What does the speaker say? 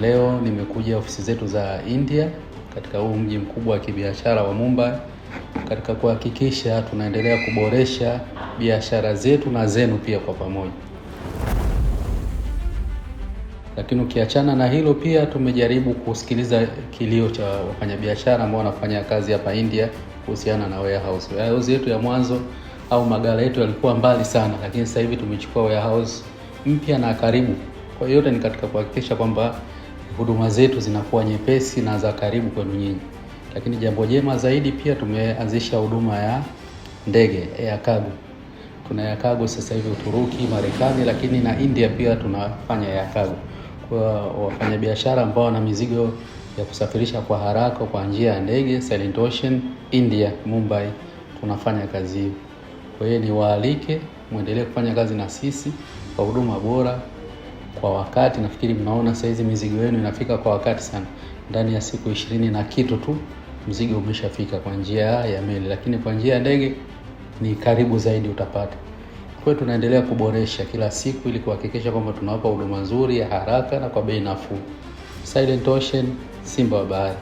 Leo nimekuja ofisi zetu za India katika huu mji mkubwa wa kibiashara wa Mumbai katika kuhakikisha tunaendelea kuboresha biashara zetu na zenu pia kwa pamoja. Lakini ukiachana na hilo, pia tumejaribu kusikiliza kilio cha wafanyabiashara ambao wanafanya kazi hapa India kuhusiana na warehouse. Warehouse yetu ya mwanzo au magala yetu yalikuwa mbali sana, lakini sasa hivi tumechukua warehouse mpya na karibu. Kwa hiyo yote ni katika kuhakikisha kwamba huduma zetu zinakuwa nyepesi na za karibu kwenu nyinyi. Lakini jambo jema zaidi pia tumeanzisha huduma ya ndege air cargo. Tuna air cargo sasa hivi Uturuki, Marekani, lakini na India pia tunafanya air cargo kwa wafanyabiashara ambao wana mizigo ya kusafirisha kwa haraka kwa njia ya ndege Silent Ocean India, Mumbai, tunafanya kazi hiyo. Kwa hiyo niwaalike muendelee kufanya kazi na sisi kwa huduma bora kwa wakati. Nafikiri mnaona sahizi mizigo yenu inafika kwa wakati sana, ndani ya siku ishirini na kitu tu mzigo umeshafika kwa njia ya meli, lakini kwa njia ya ndege ni karibu zaidi utapata. Kwa tunaendelea kuboresha kila siku ili kuhakikisha kwamba tunawapa huduma nzuri ya haraka na kwa bei nafuu. Silent Ocean, Simba wa Bahari.